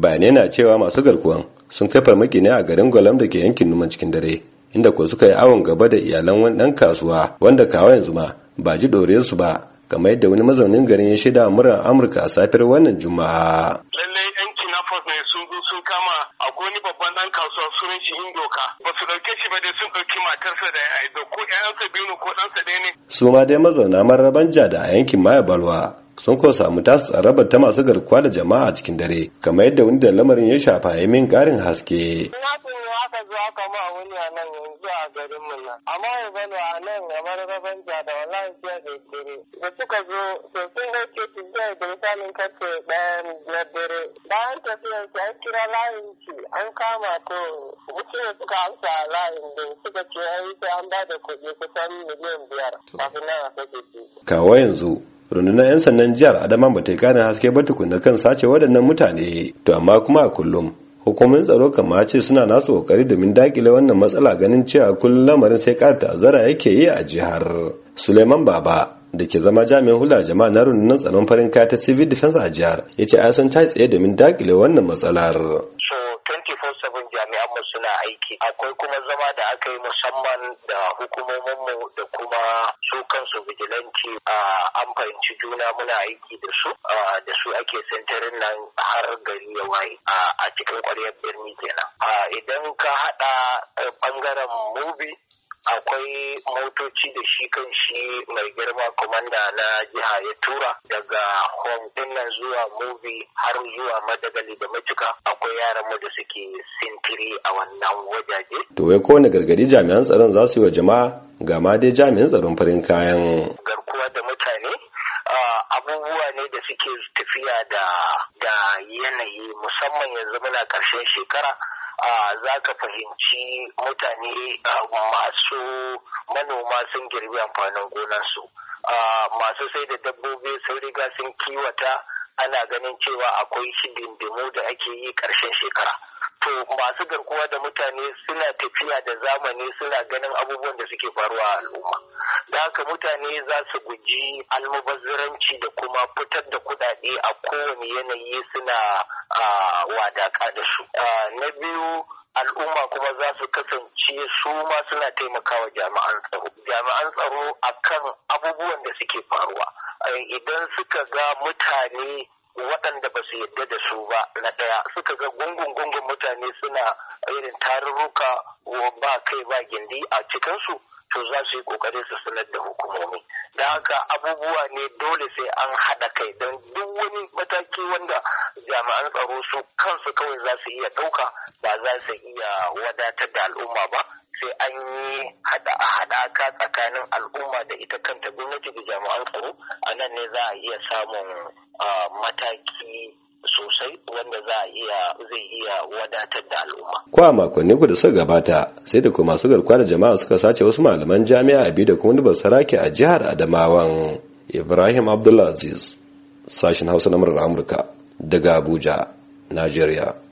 bayanai na cewa masu garkuwan sun kai farmaki ne a garin gwalam da ke yankin numan cikin dare inda ko suka yi awon gaba da iyalan wani dan kasuwa wanda kawo yanzu ma ba ji dore su ba kamar yadda wani mazaunin garin ya shaida murar amurka a safiyar wannan juma'a sun kama akwai wani babban dan kasuwa sunan shi Indoka ba su dauke shi ba dai sun dauki matarsa da ya da ko ƴaƴansa biyu ko ɗansa ɗaya ne su ma dai mazauna marabanja da a yankin Maya Balwa sun ko samu tasu tsarabar ta masu garkuwa da jama'a cikin dare kamar yadda wani da lamarin ya shafa ya min ƙarin haske aka zo aka ma wuni a nan yanzu a garin mu amma ya bani a nan a mararaban da wallahi jiya da dare da suka zo to sun dauke su jiya da misalin karfe ɗayan na dare bayan tafiyar ki an kira layin ki an kama to mutum suka amsa layin da suka ce ai an ba da kuɗi kusan miliyan biyar kafin nan a sake kawo yanzu rundunar 'yan sandan jihar adama ba ta gane haske ba tukunna kan sace waɗannan mutane to amma kuma a kullum hukumomin tsaro kama ce suna nasu kokari domin dakile wannan matsala ganin cewa kullum lamarin sai ƙara ta'azzara yake yi a jihar suleiman baba da ke zama jami'in hula jama'a na rundunar tsaron farin kaya ta civil defense a jihar ya ce ai sun tsaye domin dakile wannan matsalar. so jami'an mu suna aiki akwai kuma zama da aka yi musamman da hukumominmu da kuma su kansu vigilanci ah, an fahimci juna muna aiki da su ah, da su ake sintirin nan har gari ya waye ah, a cikin kwaryar birni kenan idan ka haɗa bangaren eh, mubi akwai motoci da shi kan shi mai girma kumanda na jiha ya tura daga home dinnan zuwa movie har zuwa madagali da matuka akwai yaran mu da suke sintiri a wannan wajaje. To ya kowane gargadi jami'an tsaron za su yi wa jama'a ga ma dai jami'an tsaron farin kayan. Garkuwa da mutane abubuwa ne da suke tafiya da yanayi musamman yanzu muna karshen shekara za ka fahimci mutane masu manoma sun girbi amfanin gonarsu masu sai da dabbobi sun riga sun kiwata ana ganin cewa akwai shi da ake yi ƙarshen shekara to masu garkuwa da mutane suna tafiya da zamani suna ganin abubuwan da suke faruwa a al'umma da haka mutane za su guji almubazzaranci da kuma fitar da kudade a kowane yanayi suna wadaka da su na biyu al'umma kuma za su kasance su ma suna taimakawa jami'an tsaro jami'an tsaro akan abubuwan da suke faruwa idan suka ga mutane waɗanda ba su yadda da su ba na ɗaya suka ga gungun gungun mutane suna irin tarurruka ba kai ba gindi a cikinsu to za su yi kokari su sanar da hukumomi da haka abubuwa ne dole sai an haɗa kai don duk wani mataki wanda jami'an tsaro su kansu kawai za su iya ɗauka ba za su iya wadatar da al'umma ba sai an yi haɗa a haɗaka ita kanta gwamnati da jami'an tsaro a nan ne za a iya samun mataki sosai wanda za a iya zai iya wadatar da al'umma. Ko a makonni guda suka gabata sai da kuma masu garkuwa da jama'a suka sace wasu malaman jami'a biyu da kuma dubar sarake a jihar Adamawan. Ibrahim Abdulaziz, sashen Hausa na Amurka daga Abuja, Najeriya.